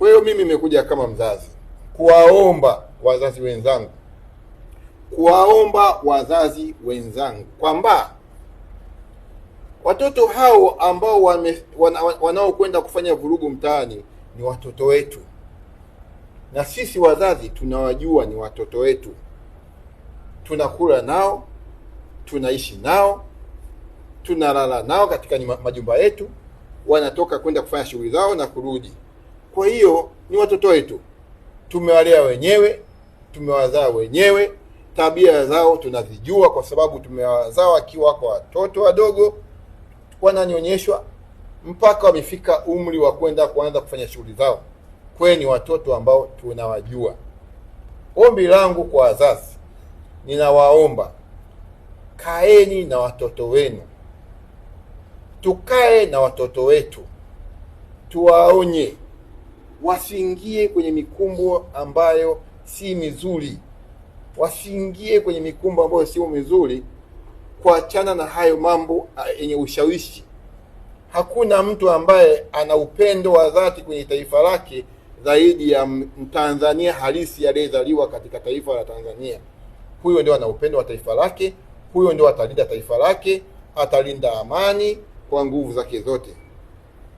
Kwa hiyo mimi nimekuja kama mzazi kuwaomba wazazi wenzangu, kuwaomba wazazi wenzangu kwamba watoto hao ambao wanaokwenda kufanya vurugu mtaani ni watoto wetu, na sisi wazazi tunawajua ni watoto wetu, tunakula nao, tunaishi nao, tunalala nao katika majumba yetu, wanatoka kwenda kufanya shughuli zao na kurudi. Kwa hiyo ni watoto wetu, tumewalea wenyewe, tumewazaa wenyewe, tabia zao tunazijua, kwa sababu tumewazaa wakiwa kwa watoto wadogo, wananyonyeshwa mpaka wamefika umri wa kwenda kuanza kufanya shughuli zao. Kweli ni watoto ambao tunawajua. Ombi langu kwa wazazi, ninawaomba kaeni na watoto wenu, tukae na watoto wetu, tuwaonye wasiingie kwenye mikumbo ambayo si mizuri, wasiingie kwenye mikumbo ambayo sio mizuri, kuachana na hayo mambo yenye ushawishi. Hakuna mtu ambaye ana upendo wa dhati kwenye taifa lake zaidi ya Mtanzania halisi aliyezaliwa katika taifa la Tanzania. Huyo ndio ana upendo wa taifa lake, huyo ndio atalinda taifa lake, atalinda amani kwa nguvu zake zote.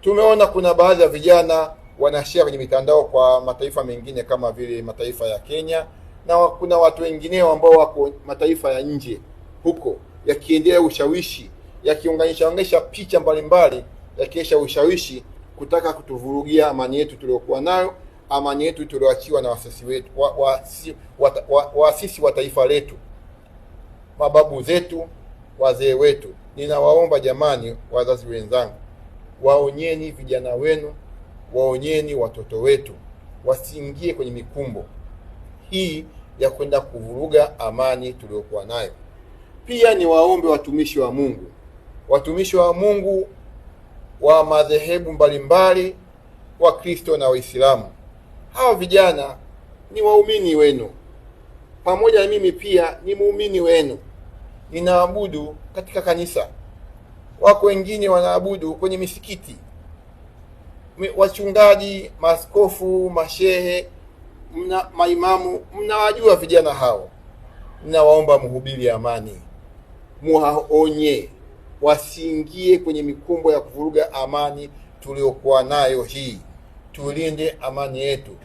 Tumeona kuna baadhi ya vijana wanashare kwenye mitandao kwa mataifa mengine kama vile mataifa ya Kenya na kuna watu wengineo ambao wako mataifa ya nje huko, yakiendelea ushawishi, yakiunganisha unganisha picha mbalimbali, yakiesha ushawishi kutaka kutuvurugia amani yetu tuliokuwa nayo, amani yetu tulioachiwa na waasisi wetu, waasisi wa, wa, wa, wa taifa letu, mababu zetu, wazee wetu. Ninawaomba jamani, wazazi wenzangu, waonyeni vijana wenu waonyeni watoto wetu wasiingie kwenye mikumbo hii ya kwenda kuvuruga amani tuliyokuwa nayo. Pia ni waombe watumishi wa Mungu, watumishi wa Mungu wa madhehebu mbalimbali, Wakristo na Waislamu. Hawa vijana ni waumini wenu, pamoja na mimi pia ni muumini wenu, ninaabudu katika kanisa, wako wengine wanaabudu kwenye misikiti wachungaji, maskofu mashehe, mna maimamu, mnawajua vijana hao, mnawaomba mhubiri amani, muwaonye wasiingie kwenye mikumbo ya kuvuruga amani tuliokuwa nayo hii. Tulinde amani yetu.